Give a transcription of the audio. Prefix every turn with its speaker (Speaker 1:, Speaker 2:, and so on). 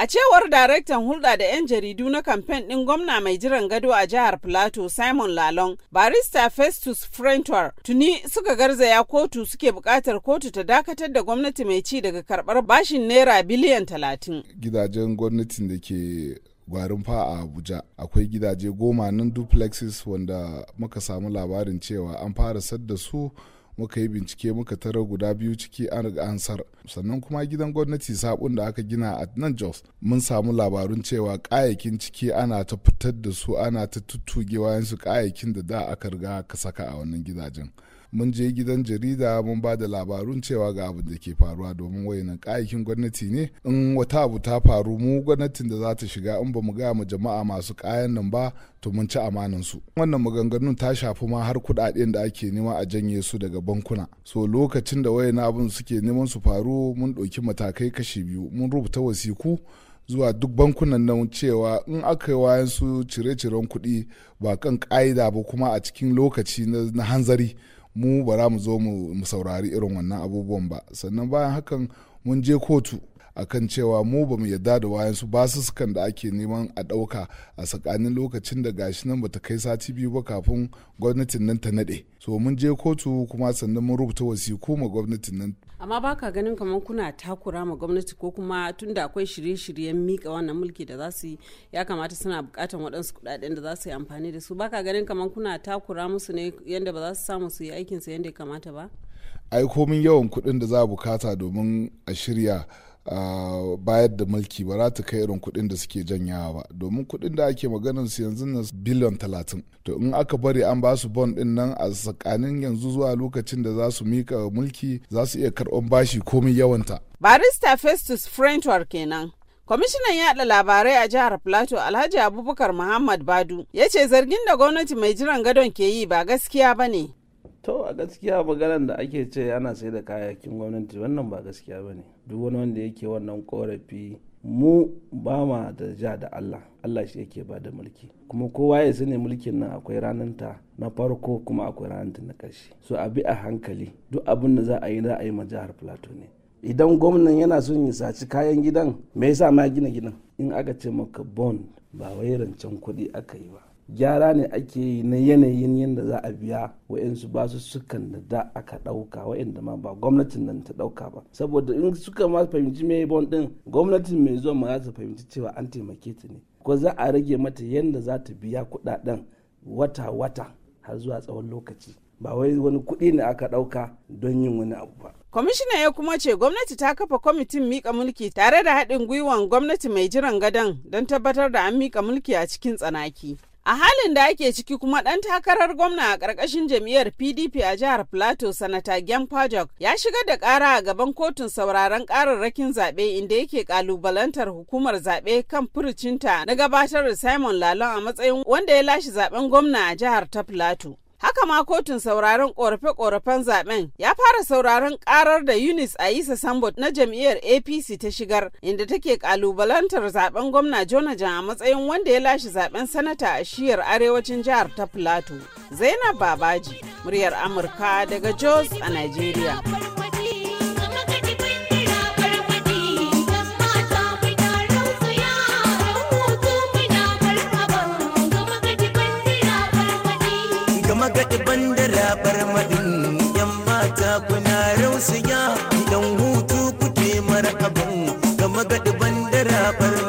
Speaker 1: A cewar daraktan hulɗa da 'yan jaridu na kamfen ɗin gwamna mai jiran gado a jihar Plateau Simon Lalong, barista Festus Frentor tuni suka garzaya kotu suke buƙatar kotu ta dakatar da gwamnati mai ci daga karɓar bashin naira biliyan talatin.
Speaker 2: Gidajen gwamnatin da ke gwarin fa a abuja akwai gidaje goma nan duplexes wanda muka samu labarin cewa an fara sadda su muka yi bincike muka tarar guda biyu ciki an riga an sannan kuma gidan gwamnati sabon da aka gina a nan jos mun samu labarun cewa kayayyakin ciki ana ta fitar da su ana ta tuttugewa wayansu kayayyakin da da aka riga ka saka a wannan gidajen mun je gidan jarida mun ba da labarun cewa ga abin da ke faruwa domin wayannan kayakin gwamnati ne in wata abu ta faru mu gwamnatin da za ta shiga in ba mu ga mu jama'a masu kayan nan ba to mun ci amanan su wannan maganganun ta shafi ma har kudaden da ake nema a janye su daga bankuna so lokacin da wayannan abin suke neman su faru mun ɗauki matakai kashi biyu mun rubuta wasiku zuwa duk bankunan nan cewa in aka yi wayan su cire-ciren kuɗi ba kan ƙa'ida ba kuma a cikin lokaci na hanzari mu ba za mu zo mu saurari irin wannan abubuwan ba sannan bayan hakan mun je kotu a kan cewa mu ba mu yadda da wayansu sukan da ake neman a ɗauka a tsakanin lokacin da gashi nan bata kai sati biyu ba kafin gwamnatin nan ta naɗe so mun je kotu kuma sannan mun rubuta wasiku ma gwamnatin nan
Speaker 1: amma ba ka ganin kamar kuna takura ma gwamnati ko kuma tun da akwai shirye-shiryen mika wannan mulki da za su yi ya kamata suna bukatar waɗansu kuɗaɗen da za su yi amfani da su ba ka ganin kamar kuna takura musu ne yadda ba za su samu su yi aikinsu yadda ya kamata ba
Speaker 2: ai komin yawan kuɗin da za a bukata domin a shirya bayar da mulki ba za ta kai irin kuɗin da suke janyawa ba domin kuɗin da ake maganar su yanzu na biliyan talatin to in aka bari an ba su bond din nan a tsakanin yanzu zuwa lokacin da za su mika mulki za su iya karɓan bashi komai yawanta
Speaker 1: barista festus frenchwar kenan kwamishinan yada labarai a jihar plateau alhaji abubakar muhammad badu ya ce zargin da gwamnati mai jiran gadon ke yi ba gaskiya ba ne
Speaker 3: to a gaskiya maganar da ake ce ana sai da kayayyakin gwamnati wannan ba gaskiya ba ne duk wani wanda yake wannan korafi mu ba ma da ja da allah allah shi yake ba da mulki kuma kowa ya sani mulkin nan akwai rananta na farko kuma akwai rananta na ƙarshe so a bi a hankali duk abin da za a yi za a yi ma jihar plateau ne idan gwamnan yana son ya saci kayan gidan me yasa ma gina gidan in aka ce maka bond ba wai rancen kuɗi aka yi ba gyara ne ake yi na yanayin yadda za a biya wa'yansu su sukan da da aka ɗauka wa'yanda ma ba gwamnatin nan ta ɗauka ba saboda in suka ma fahimci mai bon din gwamnatin mai zuwa ma za su fahimci cewa an taimake ta ne ko za a rage mata yadda za ta biya kuɗaɗen wata-wata har zuwa tsawon lokaci ba wai wani kuɗi ne aka ɗauka don yin wani
Speaker 1: abu ba. Kwamishina ya kuma ce gwamnati ta kafa kwamitin mika mulki tare da haɗin gwiwan gwamnati mai jiran gadon don tabbatar da an mika mulki a cikin tsanaki. A halin da ake ciki kuma ɗan takarar gwamna a ƙarƙashin jam'iyyar PDP a jihar Plateau sanata Gyan Pajok ya shigar da ƙara a gaban kotun sauraron ƙararrakin zaɓe inda yake ƙalubalantar hukumar zaɓe kan furucinta na gabatar da Simon Lalon a matsayin wanda ya lashe zaɓen gwamna a jihar ta Plateau. Haka ma kotun sauraron korafe-korafen zaben ya fara sauraron karar da Yunis Aisa Sambo na jam'iyyar APC ta shigar inda take kalubalantar zaben gwamna Jonajan a matsayin wanda ya lashe zaben sanata a shiyar arewacin jihar ta Plateau. Zainab Babaji, muryar Amurka daga Jos a Najeriya.
Speaker 2: gama gaɗi bandara barmaɗin yan mata kuna rausiya idan hutu kuke marhaban gama gaɗi bandara
Speaker 1: barmaɗin